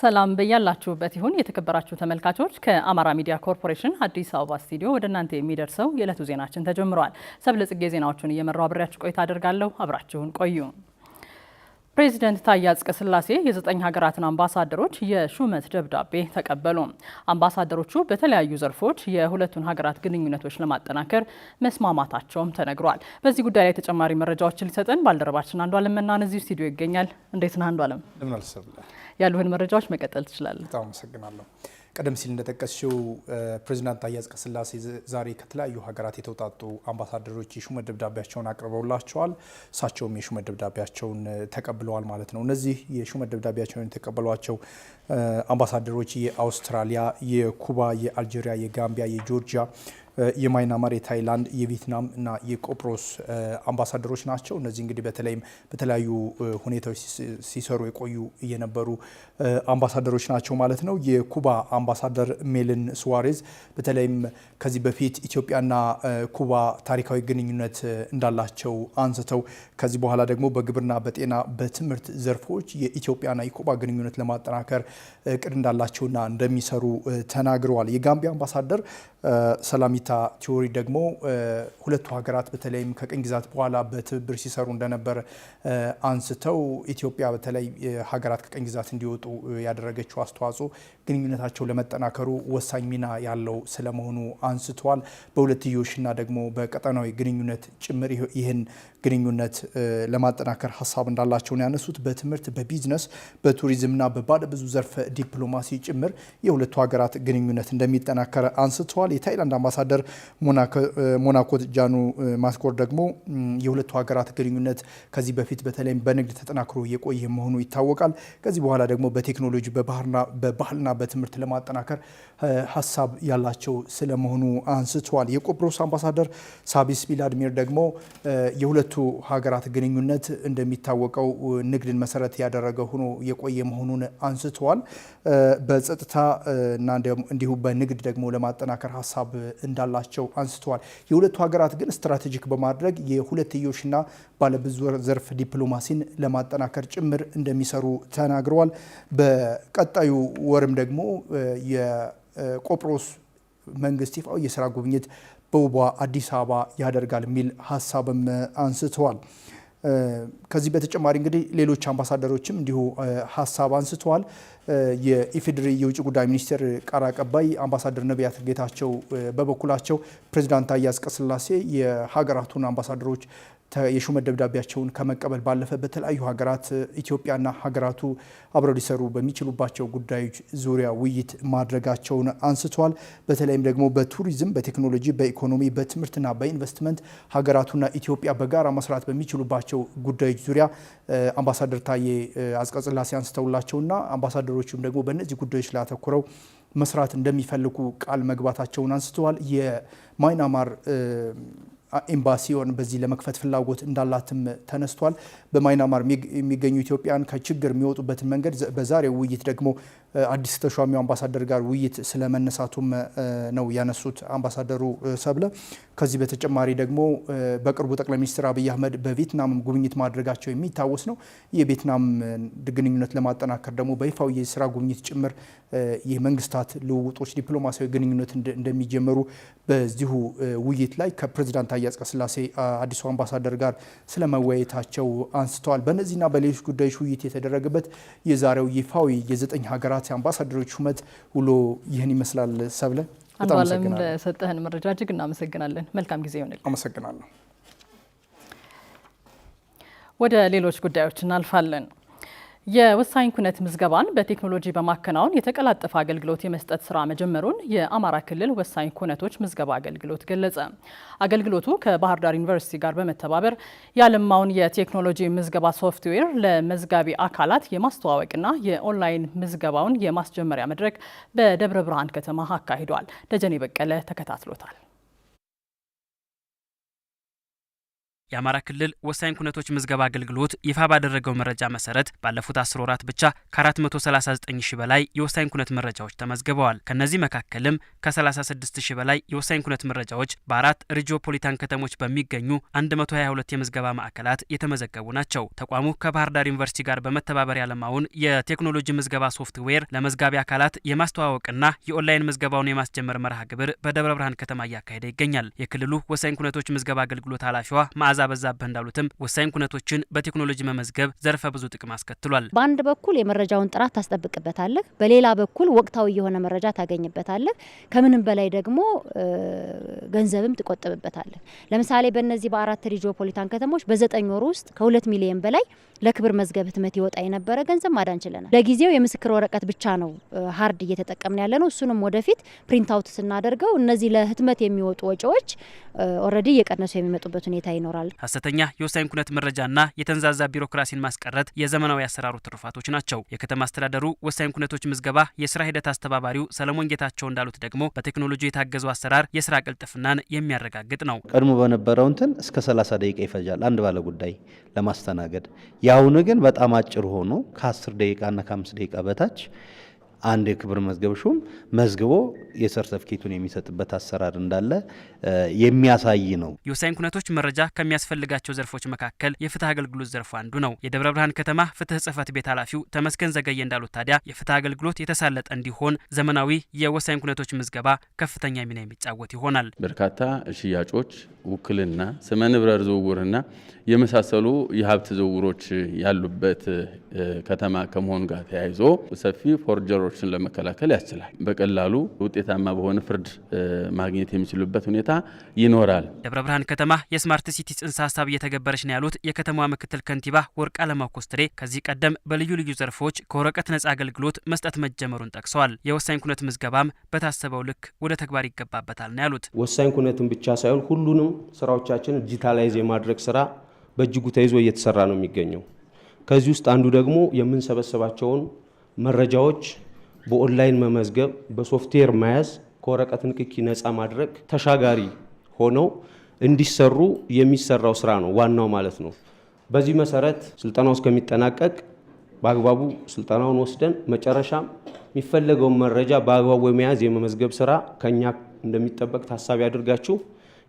ሰላም በያላችሁበት ይሁን የተከበራችሁ ተመልካቾች። ከአማራ ሚዲያ ኮርፖሬሽን አዲስ አበባ ስቱዲዮ ወደ እናንተ የሚደርሰው የዕለቱ ዜናችን ተጀምሯል። ሰብለጽጌ ዜናዎቹን እየመራው አብሬያችሁ ቆይታ አደርጋለሁ። አብራችሁን ቆዩ። ፕሬዚደንት ታዬ አጽቀሥላሴ የዘጠኝ ሀገራትን አምባሳደሮች የሹመት ደብዳቤ ተቀበሉ። አምባሳደሮቹ በተለያዩ ዘርፎች የሁለቱን ሀገራት ግንኙነቶች ለማጠናከር መስማማታቸውም ተነግሯል። በዚህ ጉዳይ ላይ ተጨማሪ መረጃዎችን ሊሰጠን ባልደረባችን አንዱ አለም መናን እዚሁ ስቱዲዮ ይገኛል። እንዴት ነህ አንዱ አለም? ያሉህን መረጃዎች መቀጠል ትችላለን። በጣም አመሰግናለሁ። ቀደም ሲል እንደጠቀስሽው ፕሬዚዳንት ታዬ አጽቀሥላሴ ዛሬ ከተለያዩ ሀገራት የተውጣጡ አምባሳደሮች የሹመት ደብዳቤያቸውን አቅርበውላቸዋል። እሳቸውም የሹመት ደብዳቤያቸውን ተቀብለዋል ማለት ነው። እነዚህ የሹመት ደብዳቤያቸውን የተቀበሏቸው አምባሳደሮች የአውስትራሊያ፣ የኩባ፣ የአልጄሪያ፣ የጋምቢያ፣ የጆርጂያ የማይናማር፣ የታይላንድ፣ የቪየትናም እና የቆጵሮስ አምባሳደሮች ናቸው። እነዚህ እንግዲህ በተለይም በተለያዩ ሁኔታዎች ሲሰሩ የቆዩ የነበሩ አምባሳደሮች ናቸው ማለት ነው። የኩባ አምባሳደር ሜልን ስዋሬዝ በተለይም ከዚህ በፊት ኢትዮጵያና ኩባ ታሪካዊ ግንኙነት እንዳላቸው አንስተው ከዚህ በኋላ ደግሞ በግብርና፣ በጤና፣ በትምህርት ዘርፎች የኢትዮጵያና የኩባ ግንኙነት ለማጠናከር እቅድ እንዳላቸውና እንደሚሰሩ ተናግረዋል። የጋምቢያ አምባሳደር ሰላሚት ሁኔታ ቲዎሪ ደግሞ ሁለቱ ሀገራት በተለይም ከቅኝ ግዛት በኋላ በትብብር ሲሰሩ እንደነበር አንስተው ኢትዮጵያ በተለይ ሀገራት ከቅኝ ግዛት እንዲወጡ ያደረገችው አስተዋጽኦ ግንኙነታቸው ለመጠናከሩ ወሳኝ ሚና ያለው ስለመሆኑ አንስተዋል። በሁለትዮሽና ደግሞ በቀጠናዊ ግንኙነት ጭምር ይህን ግንኙነት ለማጠናከር ሀሳብ እንዳላቸውን ያነሱት በትምህርት በቢዝነስ በቱሪዝምና በባለ ብዙ ዘርፈ ዲፕሎማሲ ጭምር የሁለቱ ሀገራት ግንኙነት እንደሚጠናከር አንስተዋል። የታይላንድ አምባሳደር አስተዳደር ሞናኮ ጃኑ ማስኮር ደግሞ የሁለቱ ሀገራት ግንኙነት ከዚህ በፊት በተለይም በንግድ ተጠናክሮ የቆየ መሆኑ ይታወቃል። ከዚህ በኋላ ደግሞ በቴክኖሎጂ በባህልና በትምህርት ለማጠናከር ሀሳብ ያላቸው ስለመሆኑ አንስተዋል። የቆጵሮስ አምባሳደር ሳቢስ ቢላድሚር ደግሞ የሁለቱ ሀገራት ግንኙነት እንደሚታወቀው ንግድን መሰረት ያደረገ ሆኖ የቆየ መሆኑን አንስተዋል። በጸጥታ እና እንዲሁም በንግድ ደግሞ ለማጠናከር ሀሳብ እንዳላቸው አንስተዋል። የሁለቱ ሀገራት ግን ስትራቴጂክ በማድረግ የሁለትዮሽና ባለብዙ ዘርፍ ዲፕሎማሲን ለማጠናከር ጭምር እንደሚሰሩ ተናግረዋል። በቀጣዩ ወርም ደግሞ የቆጵሮስ መንግስት ይፋው የስራ ጉብኝት በውቧ አዲስ አበባ ያደርጋል የሚል ሀሳብም አንስተዋል። ከዚህ በተጨማሪ እንግዲህ ሌሎች አምባሳደሮችም እንዲሁ ሀሳብ አንስተዋል። የኢፌዴሪ የውጭ ጉዳይ ሚኒስቴር ቃል አቀባይ አምባሳደር ነቢያት ጌታቸው በበኩላቸው ፕሬዚዳንት አያዝ ቀስላሴ የሀገራቱን አምባሳደሮች የሹመት ደብዳቤያቸውን ከመቀበል ባለፈ በተለያዩ ሀገራት ኢትዮጵያና ሀገራቱ አብረው ሊሰሩ በሚችሉባቸው ጉዳዮች ዙሪያ ውይይት ማድረጋቸውን አንስተዋል። በተለይም ደግሞ በቱሪዝም፣ በቴክኖሎጂ፣ በኢኮኖሚ፣ በትምህርትና በኢንቨስትመንት ሀገራቱና ኢትዮጵያ በጋራ መስራት በሚችሉባቸው ጉዳዮች ዙሪያ አምባሳደር ታዬ አጽቀሥላሴ አንስተውላቸውና አምባሳደሩ ሌሎችም ደግሞ በእነዚህ ጉዳዮች ላይ አተኩረው መስራት እንደሚፈልጉ ቃል መግባታቸውን አንስተዋል። የማይናማር ኤምባሲውን በዚህ ለመክፈት ፍላጎት እንዳላትም ተነስቷል። በማይናማር የሚገኙ ኢትዮጵያን ከችግር የሚወጡበትን መንገድ በዛሬው ውይይት ደግሞ አዲስ ተሿሚው አምባሳደር ጋር ውይይት ስለመነሳቱም ነው ያነሱት አምባሳደሩ ሰብለ። ከዚህ በተጨማሪ ደግሞ በቅርቡ ጠቅላይ ሚኒስትር አብይ አህመድ በቪየትናም ጉብኝት ማድረጋቸው የሚታወስ ነው። የቪየትናም ግንኙነት ለማጠናከር ደግሞ በይፋው የስራ ጉብኝት ጭምር የመንግስታት ልውውጦች፣ ዲፕሎማሲያዊ ግንኙነት እንደሚጀመሩ በዚሁ ውይይት ላይ ከፕሬዚዳንት ታዬ አጽቀሥላሴ አዲሱ አምባሳደር ጋር ስለመወያየታቸው አንስተዋል። በእነዚህና በሌሎች ጉዳዮች ውይይት የተደረገበት የዛሬው ይፋዊ የዘጠኝ ሀገራት የሀገራት የአምባሳደሮች ሹመት ውሎ ይህን ይመስላል። ሰብለ አንዷለም ለሰጠህን መረጃ እጅግ እናመሰግናለን። መልካም ጊዜ ይሆንል። አመሰግናለሁ። ወደ ሌሎች ጉዳዮች እናልፋለን። የወሳኝ ኩነት ምዝገባን በቴክኖሎጂ በማከናወን የተቀላጠፈ አገልግሎት የመስጠት ስራ መጀመሩን የአማራ ክልል ወሳኝ ኩነቶች ምዝገባ አገልግሎት ገለጸ። አገልግሎቱ ከባህር ዳር ዩኒቨርሲቲ ጋር በመተባበር ያለማውን የቴክኖሎጂ ምዝገባ ሶፍትዌር ለመዝጋቢ አካላት የማስተዋወቅና የኦንላይን ምዝገባውን የማስጀመሪያ መድረክ በደብረ ብርሃን ከተማ አካሂዷል። ደጀኔ በቀለ ተከታትሎታል። የአማራ ክልል ወሳኝ ኩነቶች ምዝገባ አገልግሎት ይፋ ባደረገው መረጃ መሰረት ባለፉት አስር ወራት ብቻ ከ439 ሺ በላይ የወሳኝ ኩነት መረጃዎች ተመዝግበዋል። ከእነዚህ መካከልም ከ36 ሺ በላይ የወሳኝ ኩነት መረጃዎች በአራት ሪጂኦፖሊታን ከተሞች በሚገኙ 122 የምዝገባ ማዕከላት የተመዘገቡ ናቸው። ተቋሙ ከባህር ዳር ዩኒቨርሲቲ ጋር በመተባበር ያለማውን የቴክኖሎጂ ምዝገባ ሶፍትዌር ለመዝጋቢ አካላት የማስተዋወቅና የኦንላይን ምዝገባውን የማስጀመር መርሃ ግብር በደብረ ብርሃን ከተማ እያካሄደ ይገኛል። የክልሉ ወሳኝ ኩነቶች ምዝገባ አገልግሎት ኃላፊዋ ትእዛዝ አበዛብህ እንዳሉትም ወሳኝ ኩነቶችን በቴክኖሎጂ መመዝገብ ዘርፈ ብዙ ጥቅም አስከትሏል። በአንድ በኩል የመረጃውን ጥራት ታስጠብቅበታለህ፣ በሌላ በኩል ወቅታዊ የሆነ መረጃ ታገኝበታለህ። ከምንም በላይ ደግሞ ገንዘብም ትቆጥብበታለህ። ለምሳሌ በእነዚህ በአራት ሪጂኦፖሊታን ከተሞች በዘጠኝ ወር ውስጥ ከሁለት ሚሊዮን በላይ ለክብር መዝገብ ህትመት ይወጣ የነበረ ገንዘብ ማዳን ችለናል። ለጊዜው የምስክር ወረቀት ብቻ ነው ሀርድ እየተጠቀምን ያለ ነው። እሱንም ወደፊት ፕሪንት አውት ስናደርገው እነዚህ ለህትመት የሚወጡ ወጪዎች ኦልሬዲ እየቀነሱ የሚመጡበት ሁኔታ ይኖራል። ብለዋል። ሀሰተኛ የወሳኝ ኩነት መረጃና የተንዛዛ ቢሮክራሲን ማስቀረት የዘመናዊ አሰራሩ ትሩፋቶች ናቸው። የከተማ አስተዳደሩ ወሳኝ ኩነቶች ምዝገባ የስራ ሂደት አስተባባሪው ሰለሞን ጌታቸው እንዳሉት ደግሞ በቴክኖሎጂ የታገዙ አሰራር የስራ ቅልጥፍናን የሚያረጋግጥ ነው። ቀድሞ በነበረው እንትን እስከ 30 ደቂቃ ይፈጃል አንድ ባለ ጉዳይ ለማስተናገድ። የአሁኑ ግን በጣም አጭር ሆኖ ከ10 ደቂቃና ከ5 ደቂቃ በታች አንድ የክብር መዝገብ ሹም መዝግቦ የሰርተፍኬቱን የሚሰጥበት አሰራር እንዳለ የሚያሳይ ነው። የወሳኝ ኩነቶች መረጃ ከሚያስፈልጋቸው ዘርፎች መካከል የፍትህ አገልግሎት ዘርፉ አንዱ ነው። የደብረ ብርሃን ከተማ ፍትህ ጽህፈት ቤት ኃላፊው ተመስገን ዘገየ እንዳሉት ታዲያ የፍትህ አገልግሎት የተሳለጠ እንዲሆን ዘመናዊ የወሳኝ ኩነቶች ምዝገባ ከፍተኛ ሚና የሚጫወት ይሆናል። በርካታ ሽያጮች፣ ውክልና፣ ስመ ንብረት ዝውውርና የመሳሰሉ የሀብት ዝውውሮች ያሉበት ከተማ ከመሆኑ ጋር ተያይዞ ሰፊ ፎርጀሮ ነገሮችን ለመከላከል ያስችላል። በቀላሉ ውጤታማ በሆነ ፍርድ ማግኘት የሚችሉበት ሁኔታ ይኖራል። ደብረ ብርሃን ከተማ የስማርት ሲቲ ጽንሰ ሀሳብ እየተገበረች ነው ያሉት የከተማዋ ምክትል ከንቲባ ወርቅ አለማኮስትሬ ኮስትሬ ከዚህ ቀደም በልዩ ልዩ ዘርፎች ከወረቀት ነጻ አገልግሎት መስጠት መጀመሩን ጠቅሰዋል። የወሳኝ ኩነት ምዝገባም በታሰበው ልክ ወደ ተግባር ይገባበታል ነው ያሉት። ወሳኝ ኩነትን ብቻ ሳይሆን ሁሉንም ስራዎቻችን ዲጂታላይዝ የማድረግ ስራ በእጅጉ ተይዞ እየተሰራ ነው የሚገኘው። ከዚህ ውስጥ አንዱ ደግሞ የምንሰበሰባቸውን መረጃዎች በኦንላይን መመዝገብ፣ በሶፍትዌር መያዝ፣ ከወረቀት ንክኪ ነፃ ማድረግ ተሻጋሪ ሆነው እንዲሰሩ የሚሰራው ስራ ነው ዋናው ማለት ነው። በዚህ መሰረት ስልጠናው እስከሚጠናቀቅ በአግባቡ ስልጠናውን ወስደን መጨረሻም የሚፈለገውን መረጃ በአግባቡ የመያዝ የመመዝገብ ስራ ከኛ እንደሚጠበቅ ታሳቢ አድርጋችሁ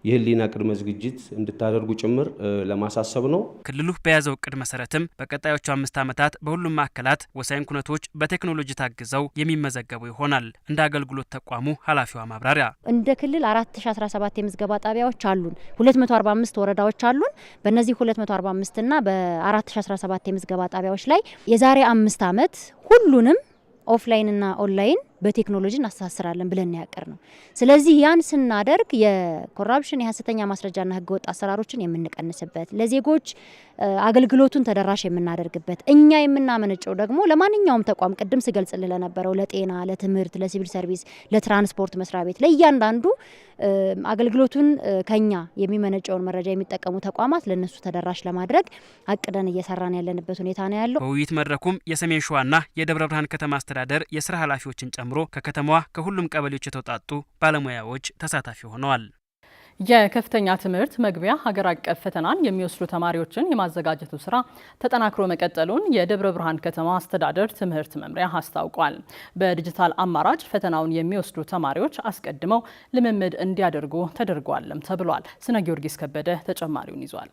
የህሊና ቅድመ ዝግጅት እንድታደርጉ ጭምር ለማሳሰብ ነው። ክልሉ በያዘው እቅድ መሰረትም በቀጣዮቹ አምስት ዓመታት በሁሉም ማዕከላት ወሳኝ ኩነቶች በቴክኖሎጂ ታግዘው የሚመዘገቡ ይሆናል። እንደ አገልግሎት ተቋሙ ኃላፊዋ ማብራሪያ እንደ ክልል 4017 የምዝገባ ጣቢያዎች አሉን። 245 ወረዳዎች አሉን። በእነዚህ 245 እና በ4017 የምዝገባ ጣቢያዎች ላይ የዛሬ አምስት ዓመት ሁሉንም ኦፍላይንና ኦንላይን በቴክኖሎጂ እናስተሳስራለን ብለን ያቀር ነው። ስለዚህ ያን ስናደርግ የኮራፕሽን የሀሰተኛ ማስረጃና ህገወጥ አሰራሮችን የምንቀንስበት ለዜጎች አገልግሎቱን ተደራሽ የምናደርግበት እኛ የምናመነጨው ደግሞ ለማንኛውም ተቋም ቅድም ስገልጽ ለነበረው ለጤና፣ ለትምህርት፣ ለሲቪል ሰርቪስ፣ ለትራንስፖርት መስሪያ ቤት ለእያንዳንዱ አገልግሎቱን ከኛ የሚመነጨውን መረጃ የሚጠቀሙ ተቋማት ለእነሱ ተደራሽ ለማድረግ አቅደን እየሰራን ያለንበት ሁኔታ ነው ያለው። በውይይት መድረኩም የሰሜን ሸዋና የደብረ ብርሃን ከተማ አስተዳደር የስራ ኃላፊዎችን ጨምሮ ጨምሮ ከከተማዋ ከሁሉም ቀበሌዎች የተውጣጡ ባለሙያዎች ተሳታፊ ሆነዋል። የከፍተኛ ትምህርት መግቢያ ሀገር አቀፍ ፈተናን የሚወስዱ ተማሪዎችን የማዘጋጀቱ ስራ ተጠናክሮ መቀጠሉን የደብረ ብርሃን ከተማ አስተዳደር ትምህርት መምሪያ አስታውቋል። በዲጂታል አማራጭ ፈተናውን የሚወስዱ ተማሪዎች አስቀድመው ልምምድ እንዲያደርጉ ተደርጓልም ተብሏል። ስነ ጊዮርጊስ ከበደ ተጨማሪውን ይዟል።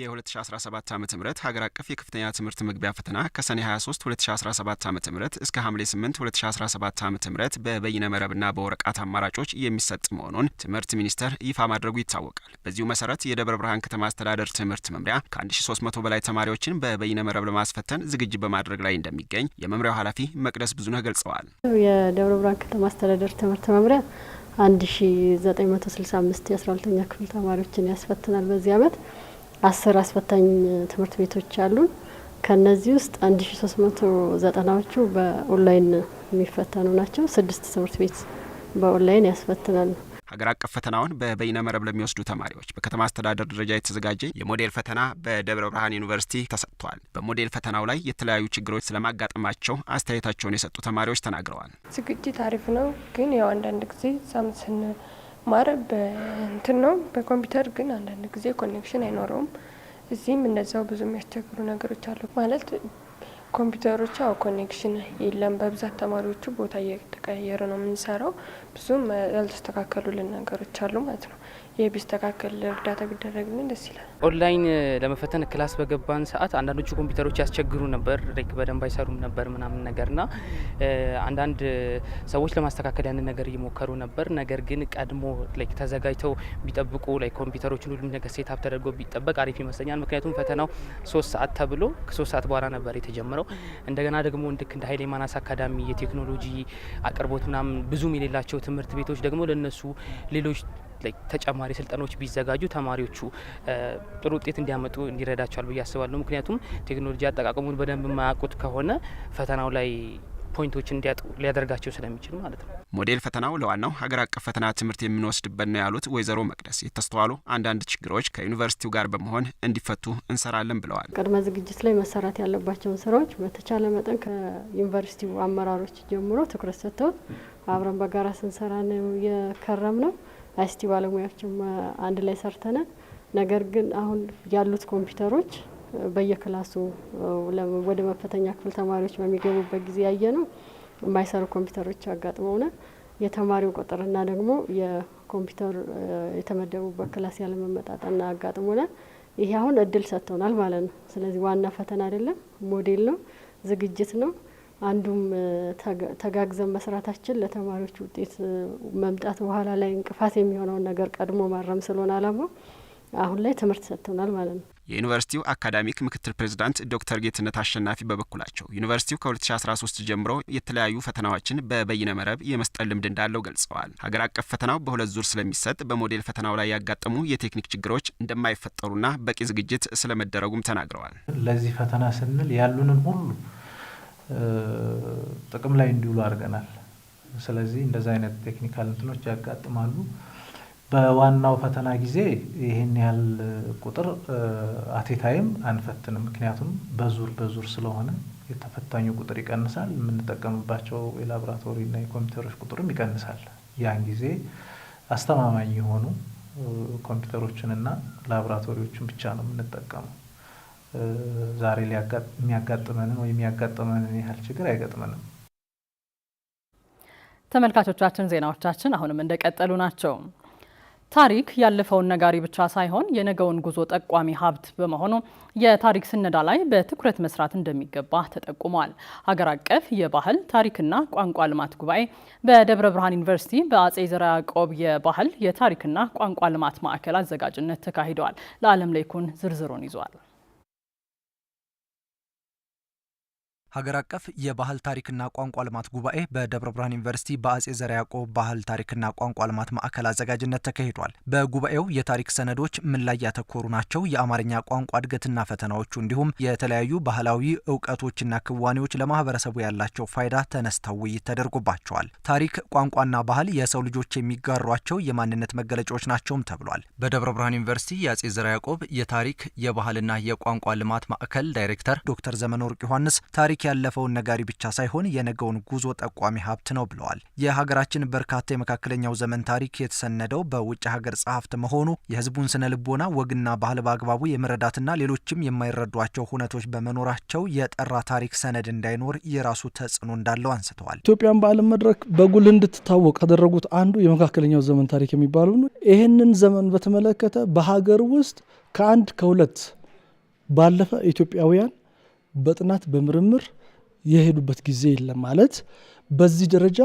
የ2017 ዓ ም ሀገር አቀፍ የከፍተኛ ትምህርት መግቢያ ፈተና ከሰኔ 23 2017 ዓ ም እስከ ሐምሌ 8 2017 ዓ ም በበይነ መረብና በወረቀት አማራጮች የሚሰጥ መሆኑን ትምህርት ሚኒስቴር ይፋ ማድረጉ ይታወቃል። በዚሁ መሰረት የደብረ ብርሃን ከተማ አስተዳደር ትምህርት መምሪያ ከ1300 በላይ ተማሪዎችን በበይነ መረብ ለማስፈተን ዝግጅ በማድረግ ላይ እንደሚገኝ የመምሪያው ኃላፊ መቅደስ ብዙነህ ገልጸዋል። የደብረ ብርሃን ከተማ አስተዳደር ትምህርት መምሪያ 1965 የ12ኛ ክፍል ተማሪዎችን ያስፈትናል በዚህ ዓመት አስር አስፈታኝ ትምህርት ቤቶች አሉን። ከነዚህ ውስጥ አንድ ሺ ሶስት መቶ ዘጠናዎቹ በኦንላይን የሚፈተኑ ናቸው። ስድስት ትምህርት ቤት በኦንላይን ያስፈትናሉ። ሀገር አቀፍ ፈተናውን በበይነ መረብ ለሚወስዱ ተማሪዎች በከተማ አስተዳደር ደረጃ የተዘጋጀ የሞዴል ፈተና በደብረ ብርሃን ዩኒቨርሲቲ ተሰጥቷል። በሞዴል ፈተናው ላይ የተለያዩ ችግሮች ስለማጋጠማቸው አስተያየታቸውን የሰጡ ተማሪዎች ተናግረዋል። ዝግጅት አሪፍ ነው፣ ግን ያው አንዳንድ ጊዜ ሳምስን ማረብ በእንትን ነው በኮምፒውተር ግን አንዳንድ ጊዜ ኮኔክሽን አይኖረውም። እዚህም እንደዛው ብዙ የሚያስቸግሩ ነገሮች አሉ። ማለት ኮምፒውተሮች ያው ኮኔክሽን የለም። በብዛት ተማሪዎቹ ቦታ እየተቀያየረ ነው የምንሰራው። ብዙም ያልተስተካከሉልን ነገሮች አሉ ማለት ነው። የቢስተካከል እርዳታ ቢደረግልን ደስ ይላል። ኦንላይን ለመፈተን ክላስ በገባን ሰዓት አንዳንዶቹ ኮምፒውተሮች ያስቸግሩ ነበር፣ ሬክ በደንብ አይሰሩም ነበር ምናምን ነገርና አንዳንድ ሰዎች ለማስተካከል ያንን ነገር እየሞከሩ ነበር። ነገር ግን ቀድሞ ላይክ ተዘጋጅተው ቢጠብቁ ላይ ኮምፒውተሮችን ሁሉም ነገር ሴት አፕ ተደርጎ ቢጠበቅ አሪፍ ይመስለኛል። ምክንያቱም ፈተናው ሶስት ሰዓት ተብሎ ከሶስት ሰዓት በኋላ ነበር የተጀመረው። እንደገና ደግሞ እንድክ እንደ ሀይሌ ማናስ አካዳሚ የቴክኖሎጂ አቅርቦት ምናምን ብዙም የሌላቸው ትምህርት ቤቶች ደግሞ ለነሱ ሌሎች ላይ ተጨማሪ ስልጠናዎች ቢዘጋጁ ተማሪዎቹ ጥሩ ውጤት እንዲያመጡ እንዲረዳቸዋል ብዬ አስባለሁ። ምክንያቱም ቴክኖሎጂ አጠቃቀሙን በደንብ የማያውቁት ከሆነ ፈተናው ላይ ፖይንቶች እንዲያጡ ሊያደርጋቸው ስለሚችል ማለት ነው። ሞዴል ፈተናው ለዋናው ሀገር አቀፍ ፈተና ትምህርት የምንወስድበት ነው ያሉት ወይዘሮ መቅደስ የተስተዋሉ አንዳንድ ችግሮች ከዩኒቨርሲቲው ጋር በመሆን እንዲፈቱ እንሰራለን ብለዋል። ቅድመ ዝግጅት ላይ መሰራት ያለባቸውን ስራዎች በተቻለ መጠን ከዩኒቨርሲቲው አመራሮች ጀምሮ ትኩረት ሰጥተውት አብረን በጋራ ስንሰራ ነው የከረም ነው። አይሲቲ ባለሙያዎችም አንድ ላይ ሰርተናል። ነገር ግን አሁን ያሉት ኮምፒውተሮች በየክላሱ ወደ መፈተኛ ክፍል ተማሪዎች በሚገቡበት ጊዜ ያየ ነው የማይሰሩ ኮምፒውተሮች አጋጥመውናል። የተማሪው ቁጥርና ደግሞ የኮምፒውተር የተመደቡበት ክላስ ያለመመጣጠና አጋጥሞናል። ይሄ አሁን እድል ሰጥተውናል ማለት ነው። ስለዚህ ዋና ፈተና አይደለም፣ ሞዴል ነው፣ ዝግጅት ነው። አንዱም ተጋግዘን መስራታችን ለተማሪዎች ውጤት መምጣት በኋላ ላይ እንቅፋት የሚሆነውን ነገር ቀድሞ ማረም ስለሆነ አላማው አሁን ላይ ትምህርት ሰጥተውናል ማለት ነው። የዩኒቨርሲቲው አካዳሚክ ምክትል ፕሬዚዳንት ዶክተር ጌትነት አሸናፊ በበኩላቸው ዩኒቨርሲቲው ከ2013 ጀምሮ የተለያዩ ፈተናዎችን በበይነ መረብ የመስጠት ልምድ እንዳለው ገልጸዋል። ሀገር አቀፍ ፈተናው በሁለት ዙር ስለሚሰጥ በሞዴል ፈተናው ላይ ያጋጠሙ የቴክኒክ ችግሮች እንደማይፈጠሩና በቂ ዝግጅት ስለመደረጉም ተናግረዋል። ለዚህ ፈተና ስንል ያሉንን ሁሉ ጥቅም ላይ እንዲውሉ አድርገናል። ስለዚህ እንደዚ አይነት ቴክኒካል እንትኖች ያጋጥማሉ። በዋናው ፈተና ጊዜ ይህን ያህል ቁጥር አቴታይም አንፈትንም። ምክንያቱም በዙር በዙር ስለሆነ የተፈታኙ ቁጥር ይቀንሳል፣ የምንጠቀምባቸው የላቦራቶሪ እና የኮምፒውተሮች ቁጥርም ይቀንሳል። ያን ጊዜ አስተማማኝ የሆኑ ኮምፒውተሮችን እና ላቦራቶሪዎችን ብቻ ነው የምንጠቀመው። ዛሬ የሚያጋጥመንን ወይም ያጋጠመንን ያህል ችግር አይገጥመንም። ተመልካቾቻችን ዜናዎቻችን አሁንም እንደቀጠሉ ናቸው። ታሪክ ያለፈውን ነጋሪ ብቻ ሳይሆን የነገውን ጉዞ ጠቋሚ ሀብት በመሆኑ የታሪክ ስነዳ ላይ በትኩረት መስራት እንደሚገባ ተጠቁሟል። ሀገር አቀፍ የባህል ታሪክና ቋንቋ ልማት ጉባኤ በደብረ ብርሃን ዩኒቨርሲቲ በአጼ ዘርዓ ያዕቆብ የባህል የታሪክና ቋንቋ ልማት ማዕከል አዘጋጅነት ተካሂደዋል። ለዓለም ላይኩን ዝርዝሩን ይዟል። ሀገር አቀፍ የባህል ታሪክና ቋንቋ ልማት ጉባኤ በደብረ ብርሃን ዩኒቨርሲቲ በአጼ ዘርዓ ያዕቆብ ባህል ታሪክና ቋንቋ ልማት ማዕከል አዘጋጅነት ተካሂዷል። በጉባኤው የታሪክ ሰነዶች ምን ላይ ያተኮሩ ናቸው፣ የአማርኛ ቋንቋ እድገትና ፈተናዎቹ፣ እንዲሁም የተለያዩ ባህላዊ እውቀቶችና ክዋኔዎች ለማህበረሰቡ ያላቸው ፋይዳ ተነስተው ውይይት ተደርጎባቸዋል። ታሪክ፣ ቋንቋና ባህል የሰው ልጆች የሚጋሯቸው የማንነት መገለጫዎች ናቸውም ተብሏል። በደብረ ብርሃን ዩኒቨርሲቲ የአጼ ዘርዓ ያዕቆብ የታሪክ የባህልና የቋንቋ ልማት ማዕከል ዳይሬክተር ዶክተር ዘመን ወርቅ ዮሐንስ ታሪክ ታሪክ ያለፈውን ነጋሪ ብቻ ሳይሆን የነገውን ጉዞ ጠቋሚ ሀብት ነው ብለዋል። የሀገራችን በርካታ የመካከለኛው ዘመን ታሪክ የተሰነደው በውጭ ሀገር ጸሐፍት መሆኑ የህዝቡን ስነ ልቦና፣ ወግና ባህል በአግባቡ የመረዳትና ሌሎችም የማይረዷቸው ሁነቶች በመኖራቸው የጠራ ታሪክ ሰነድ እንዳይኖር የራሱ ተጽዕኖ እንዳለው አንስተዋል። ኢትዮጵያን በዓለም መድረክ በጉል እንድትታወቅ ካደረጉት አንዱ የመካከለኛው ዘመን ታሪክ የሚባለው ነው። ይህንን ዘመን በተመለከተ በሀገር ውስጥ ከአንድ ከሁለት ባለፈ ኢትዮጵያውያን በጥናት በምርምር የሄዱበት ጊዜ የለም ማለት በዚህ ደረጃ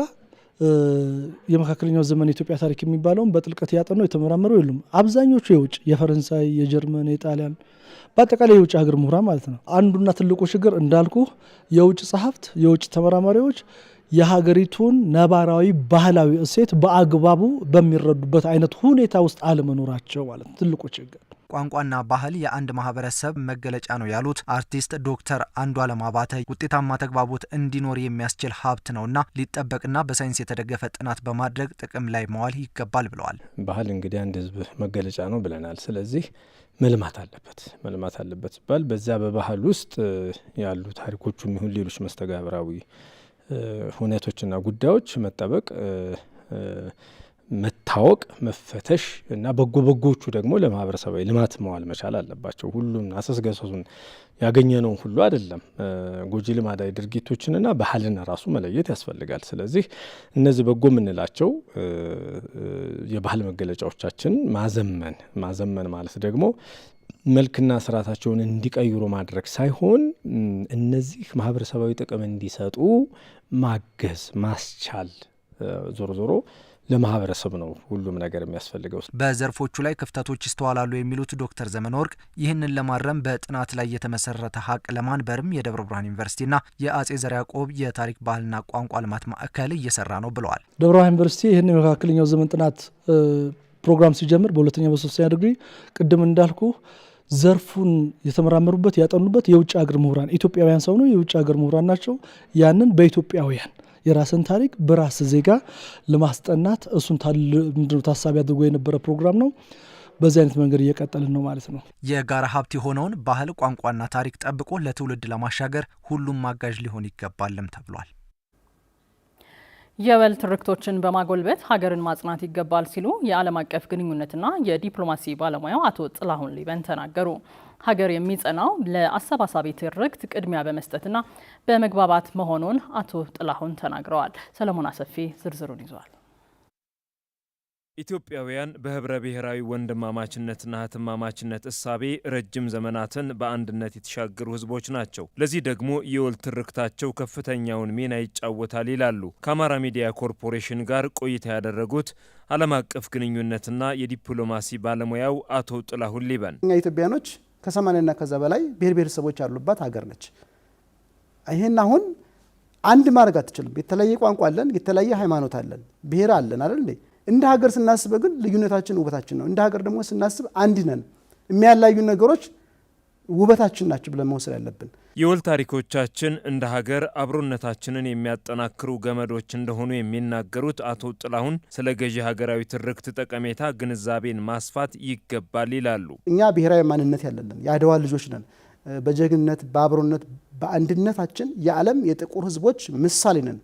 የመካከለኛው ዘመን የኢትዮጵያ ታሪክ የሚባለውን በጥልቀት ያጠኑ የተመራመሩ የሉም። አብዛኞቹ የውጭ የፈረንሳይ፣ የጀርመን፣ የጣሊያን በአጠቃላይ የውጭ ሀገር ምሁራ ማለት ነው። አንዱና ትልቁ ችግር እንዳልኩ የውጭ ጸሐፍት፣ የውጭ ተመራማሪዎች የሀገሪቱን ነባራዊ ባህላዊ እሴት በአግባቡ በሚረዱበት አይነት ሁኔታ ውስጥ አለመኖራቸው ማለት ትልቁ ችግር። ቋንቋና ባህል የአንድ ማህበረሰብ መገለጫ ነው ያሉት አርቲስት ዶክተር አንዱ አባተ ውጤታማ ተግባቦት እንዲኖር የሚያስችል ሀብት ነውና ሊጠበቅና በሳይንስ የተደገፈ ጥናት በማድረግ ጥቅም ላይ መዋል ይገባል ብለዋል። ባህል እንግዲህ አንድ ህዝብ መገለጫ ነው ብለናል። ስለዚህ መልማት አለበት። መልማት አለበት ሲባል በዚያ በባህል ውስጥ ያሉ ታሪኮቹ የሚሆን ሌሎች መስተጋብራዊ ሁነቶችና ጉዳዮች መጠበቅ መታወቅ መፈተሽ እና በጎ በጎቹ ደግሞ ለማህበረሰባዊ ልማት መዋል መቻል አለባቸው። ሁሉም አሰስገሰሱን ያገኘነውን ሁሉ አይደለም። ጎጂ ልማዳዊ ድርጊቶችንና ባህልን ራሱ መለየት ያስፈልጋል። ስለዚህ እነዚህ በጎ የምንላቸው የባህል መገለጫዎቻችን ማዘመን ማዘመን ማለት ደግሞ መልክና ስርዓታቸውን እንዲቀይሩ ማድረግ ሳይሆን እነዚህ ማህበረሰባዊ ጥቅም እንዲሰጡ ማገዝ ማስቻል ዞሮ ዞሮ ለማህበረሰብ ነው ሁሉም ነገር የሚያስፈልገው። በዘርፎቹ ላይ ክፍተቶች ይስተዋላሉ የሚሉት ዶክተር ዘመን ወርቅ ይህንን ለማረም በጥናት ላይ የተመሰረተ ሀቅ ለማንበርም የደብረ ብርሃን ዩኒቨርሲቲና የአጼ ዘርዓ ያዕቆብ የታሪክ ባህልና ቋንቋ ልማት ማዕከል እየሰራ ነው ብለዋል። ደብረ ብርሃን ዩኒቨርሲቲ ይህን የመካከለኛው ዘመን ጥናት ፕሮግራም ሲጀምር በሁለተኛ በሶስተኛ ዲግሪ ቅድም እንዳልኩ ዘርፉን የተመራመሩበት ያጠኑበት የውጭ ሀገር ምሁራን ኢትዮጵያውያን ሰው ነው የውጭ ሀገር ምሁራን ናቸው። ያንን በኢትዮጵያውያን የራስን ታሪክ በራስ ዜጋ ለማስጠናት እሱን ታሳቢ አድርጎ የነበረ ፕሮግራም ነው። በዚህ አይነት መንገድ እየቀጠልን ነው ማለት ነው። የጋራ ሀብት የሆነውን ባህል ቋንቋና ታሪክ ጠብቆ ለትውልድ ለማሻገር ሁሉም ማጋዥ ሊሆን ይገባልም ተብሏል። የወል ትርክቶችን በማጎልበት ሀገርን ማጽናት ይገባል ሲሉ የዓለም አቀፍ ግንኙነትና የዲፕሎማሲ ባለሙያው አቶ ጥላሁን ሊበን ተናገሩ። ሀገር የሚጸናው ለአሰባሳቢ ትርክት ቅድሚያ በመስጠትና በመግባባት መሆኑን አቶ ጥላሁን ተናግረዋል። ሰለሞን አሰፊ ዝርዝሩን ይዟል። ኢትዮጵያውያን በህብረ ብሔራዊ ወንድማማችነትና ህትማማችነት እሳቤ ረጅም ዘመናትን በአንድነት የተሻገሩ ህዝቦች ናቸው። ለዚህ ደግሞ የወል ትርክታቸው ከፍተኛውን ሚና ይጫወታል ይላሉ ከአማራ ሚዲያ ኮርፖሬሽን ጋር ቆይታ ያደረጉት ዓለም አቀፍ ግንኙነትና የዲፕሎማሲ ባለሙያው አቶ ጥላሁን ሊበን። እኛ ኢትዮጵያኖች ከሰማንያና ከዛ በላይ ብሔር ብሔረሰቦች ያሉባት ሀገር ነች። ይህን አሁን አንድ ማድረግ አትችልም። የተለያየ ቋንቋ አለን፣ የተለያየ ሃይማኖት አለን፣ ብሔር አለን አይደል እንደ ሀገር ስናስበ ግን ልዩነታችን ውበታችን ነው። እንደ ሀገር ደግሞ ስናስብ አንድ ነን። የሚያላዩ ነገሮች ውበታችን ናቸው ብለን መውሰድ ያለብን። የወል ታሪኮቻችን እንደ ሀገር አብሮነታችንን የሚያጠናክሩ ገመዶች እንደሆኑ የሚናገሩት አቶ ጥላሁን ስለ ገዢ ሀገራዊ ትርክት ጠቀሜታ ግንዛቤን ማስፋት ይገባል ይላሉ። እኛ ብሔራዊ ማንነት ያለንን የአድዋ ልጆች ነን። በጀግንነት በአብሮነት በአንድነታችን የዓለም የጥቁር ህዝቦች ምሳሌ ነን።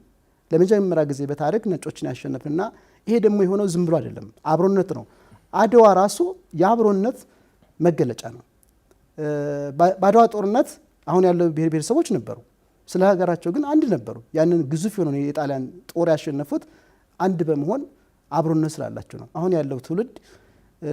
ለመጀመሪያ ጊዜ በታሪክ ነጮችን ያሸነፍና ይሄ ደግሞ የሆነው ዝም ብሎ አይደለም፣ አብሮነት ነው። አድዋ ራሱ የአብሮነት መገለጫ ነው። በአድዋ ጦርነት አሁን ያለው ብሔር ብሔረሰቦች ነበሩ፣ ስለ ሀገራቸው ግን አንድ ነበሩ። ያንን ግዙፍ የሆነ የጣሊያን ጦር ያሸነፉት አንድ በመሆን አብሮነት ስላላቸው ነው። አሁን ያለው ትውልድ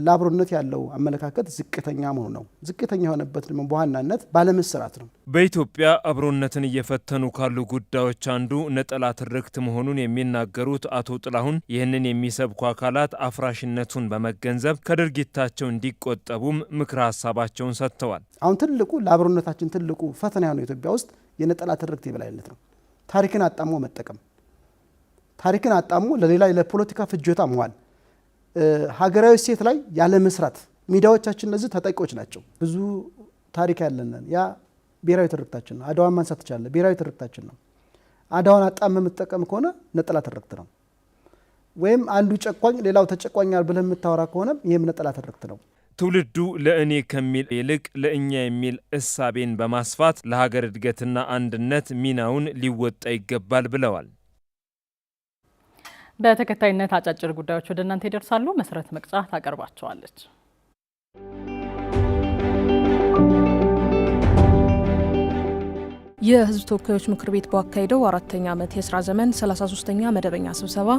ለአብሮነት ያለው አመለካከት ዝቅተኛ መሆኑ ነው። ዝቅተኛ የሆነበት ደግሞ በዋናነት ባለመስራት ነው። በኢትዮጵያ አብሮነትን እየፈተኑ ካሉ ጉዳዮች አንዱ ነጠላ ትርክት መሆኑን የሚናገሩት አቶ ጥላሁን ይህንን የሚሰብኩ አካላት አፍራሽነቱን በመገንዘብ ከድርጊታቸው እንዲቆጠቡም ምክረ ሀሳባቸውን ሰጥተዋል። አሁን ትልቁ ለአብሮነታችን ትልቁ ፈተና የሆነው ኢትዮጵያ ውስጥ የነጠላ ትርክት የበላይነት ነው። ታሪክን አጣሞ መጠቀም፣ ታሪክን አጣሞ ለሌላ ለፖለቲካ ፍጆታ መዋል ሀገራዊ ሴት ላይ ያለ መስራት ሚዲያዎቻችን እነዚህ ተጠቂዎች ናቸው። ብዙ ታሪክ ያለንን ያ ብሔራዊ ትርክታችን ነው። አድዋን ማንሳት ትችላለህ። ብሔራዊ ትርክታችን ነው። አድዋን አጣም የምትጠቀም ከሆነ ነጠላ ትርክት ነው። ወይም አንዱ ጨቋኝ ሌላው ተጨቋኛል ብለህ የምታወራ ከሆነም ይህም ነጠላ ትርክት ነው። ትውልዱ ለእኔ ከሚል ይልቅ ለእኛ የሚል እሳቤን በማስፋት ለሀገር እድገትና አንድነት ሚናውን ሊወጣ ይገባል ብለዋል። በተከታይነት አጫጭር ጉዳዮች ወደ እናንተ ይደርሳሉ። መሰረት መቅጫ ታቀርባቸዋለች። የህዝብ ተወካዮች ምክር ቤት ባካሄደው አራተኛ ዓመት የስራ ዘመን 33ኛ መደበኛ ስብሰባ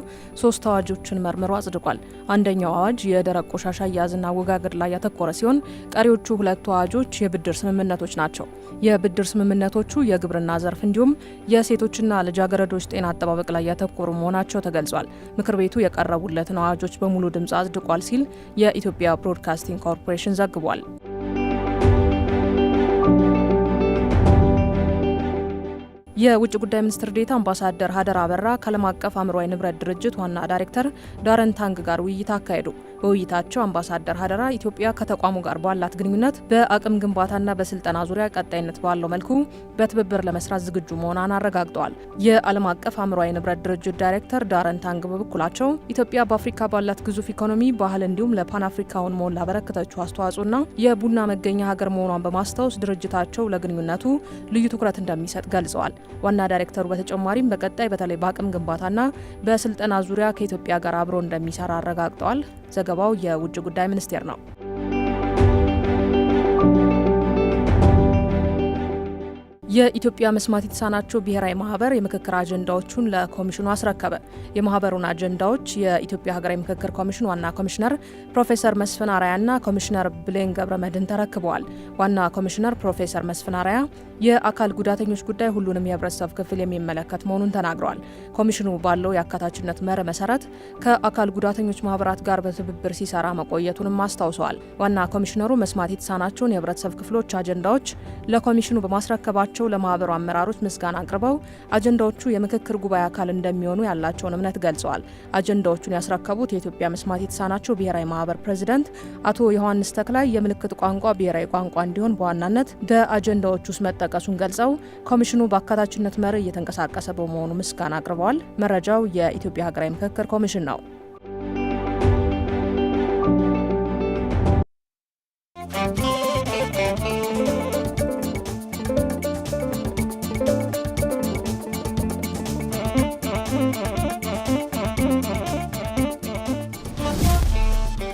ሶስት አዋጆችን መርምሮ አጽድቋል። አንደኛው አዋጅ የደረቅ ቆሻሻ አያያዝና አወጋገድ ላይ ያተኮረ ሲሆን ቀሪዎቹ ሁለቱ አዋጆች የብድር ስምምነቶች ናቸው። የብድር ስምምነቶቹ የግብርና ዘርፍ እንዲሁም የሴቶችና ልጃገረዶች ጤና አጠባበቅ ላይ ያተኮሩ መሆናቸው ተገልጿል። ምክር ቤቱ የቀረቡለትን አዋጆች በሙሉ ድምፅ አጽድቋል ሲል የኢትዮጵያ ብሮድካስቲንግ ኮርፖሬሽን ዘግቧል። የውጭ ጉዳይ ሚኒስትር ዴታ አምባሳደር ሀደር አበራ ከዓለም አቀፍ አእምሯዊ ንብረት ድርጅት ዋና ዳይሬክተር ዳረን ታንግ ጋር ውይይት አካሄዱ። በውይይታቸው አምባሳደር ሀደራ ኢትዮጵያ ከተቋሙ ጋር ባላት ግንኙነት በአቅም ግንባታና በስልጠና ዙሪያ ቀጣይነት ባለው መልኩ በትብብር ለመስራት ዝግጁ መሆኗን አረጋግጠዋል። የዓለም አቀፍ አእምሯዊ ንብረት ድርጅት ዳይሬክተር ዳረን ታንግ በበኩላቸው ኢትዮጵያ በአፍሪካ ባላት ግዙፍ ኢኮኖሚ፣ ባህል እንዲሁም ለፓን አፍሪካውን መሆን ላበረከተችው አስተዋጽኦና የቡና መገኛ ሀገር መሆኗን በማስታወስ ድርጅታቸው ለግንኙነቱ ልዩ ትኩረት እንደሚሰጥ ገልጸዋል። ዋና ዳይሬክተሩ በተጨማሪም በቀጣይ በተለይ በአቅም ግንባታና በስልጠና ዙሪያ ከኢትዮጵያ ጋር አብሮ እንደሚሰራ አረጋግጠዋል። ዘገባው የውጭ ጉዳይ ሚኒስቴር ነው። የኢትዮጵያ መስማት የተሳናቸው ብሔራዊ ማህበር የምክክር አጀንዳዎቹን ለኮሚሽኑ አስረከበ። የማህበሩን አጀንዳዎች የኢትዮጵያ ሀገራዊ ምክክር ኮሚሽን ዋና ኮሚሽነር ፕሮፌሰር መስፍን አራያና ኮሚሽነር ብሌን ገብረ መድን ተረክበዋል። ዋና ኮሚሽነር ፕሮፌሰር መስፍን አራያ የአካል ጉዳተኞች ጉዳይ ሁሉንም የህብረተሰብ ክፍል የሚመለከት መሆኑን ተናግረዋል። ኮሚሽኑ ባለው የአካታችነት መር መሰረት ከአካል ጉዳተኞች ማህበራት ጋር በትብብር ሲሰራ መቆየቱንም አስታውሰዋል። ዋና ኮሚሽነሩ መስማት የተሳናቸውን የህብረተሰብ ክፍሎች አጀንዳዎች ለኮሚሽኑ በማስረከባቸው ለማህበሩ አመራሮች ምስጋና አቅርበው አጀንዳዎቹ የምክክር ጉባኤ አካል እንደሚሆኑ ያላቸውን እምነት ገልጸዋል። አጀንዳዎቹን ያስረከቡት የኢትዮጵያ መስማት የተሳናቸው ብሔራዊ ማህበር ፕሬዚደንት አቶ ዮሐንስ ተክላይ የምልክት ቋንቋ ብሔራዊ ቋንቋ እንዲሆን በዋናነት በአጀንዳዎች ውስጥ መጠቀ መንቀሳቀሱን ገልጸው ኮሚሽኑ በአካታችነት መርህ እየተንቀሳቀሰ በመሆኑ ምስጋና አቅርበዋል። መረጃው የኢትዮጵያ ሀገራዊ ምክክር ኮሚሽን ነው።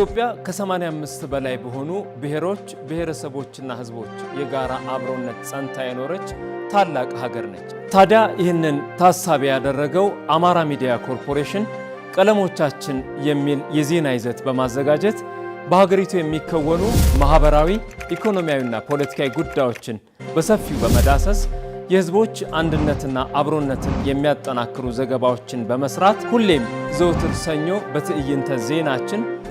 ኢትዮጵያ ከ85 በላይ በሆኑ ብሔሮች ብሔረሰቦችና ሕዝቦች የጋራ አብሮነት ጸንታ የኖረች ታላቅ ሀገር ነች። ታዲያ ይህንን ታሳቢ ያደረገው አማራ ሚዲያ ኮርፖሬሽን ቀለሞቻችን የሚል የዜና ይዘት በማዘጋጀት በሀገሪቱ የሚከወኑ ማኅበራዊ፣ ኢኮኖሚያዊና ፖለቲካዊ ጉዳዮችን በሰፊው በመዳሰስ የህዝቦች አንድነትና አብሮነትን የሚያጠናክሩ ዘገባዎችን በመስራት ሁሌም ዘውትር ሰኞ በትዕይንተ ዜናችን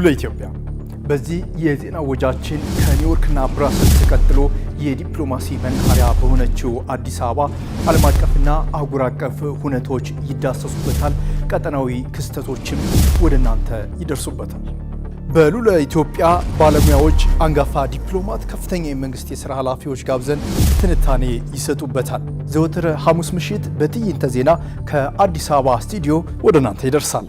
ሉለ ኢትዮጵያ በዚህ የዜና ወጃችን ከኒውዮርክና ብራሰልስ ተቀጥሎ የዲፕሎማሲ መናኸሪያ በሆነችው አዲስ አበባ ዓለም አቀፍና አህጉር አቀፍ ሁነቶች ይዳሰሱበታል። ቀጠናዊ ክስተቶችም ወደ እናንተ ይደርሱበታል። በሉለ ኢትዮጵያ ባለሙያዎች፣ አንጋፋ ዲፕሎማት፣ ከፍተኛ የመንግስት የሥራ ኃላፊዎች ጋብዘን ትንታኔ ይሰጡበታል። ዘወትር ሐሙስ ምሽት በትዕይንተ ዜና ከአዲስ አበባ ስቱዲዮ ወደ እናንተ ይደርሳል።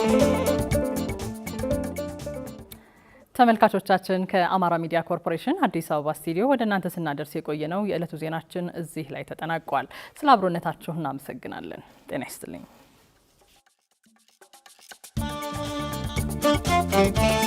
ተመልካቾቻችን ከአማራ ሚዲያ ኮርፖሬሽን አዲስ አበባ ስቱዲዮ ወደ እናንተ ስናደርስ የቆየ ነው የዕለቱ ዜናችን እዚህ ላይ ተጠናቋል። ስለ አብሮነታችሁ እናመሰግናለን። ጤና ይስጥልኝ።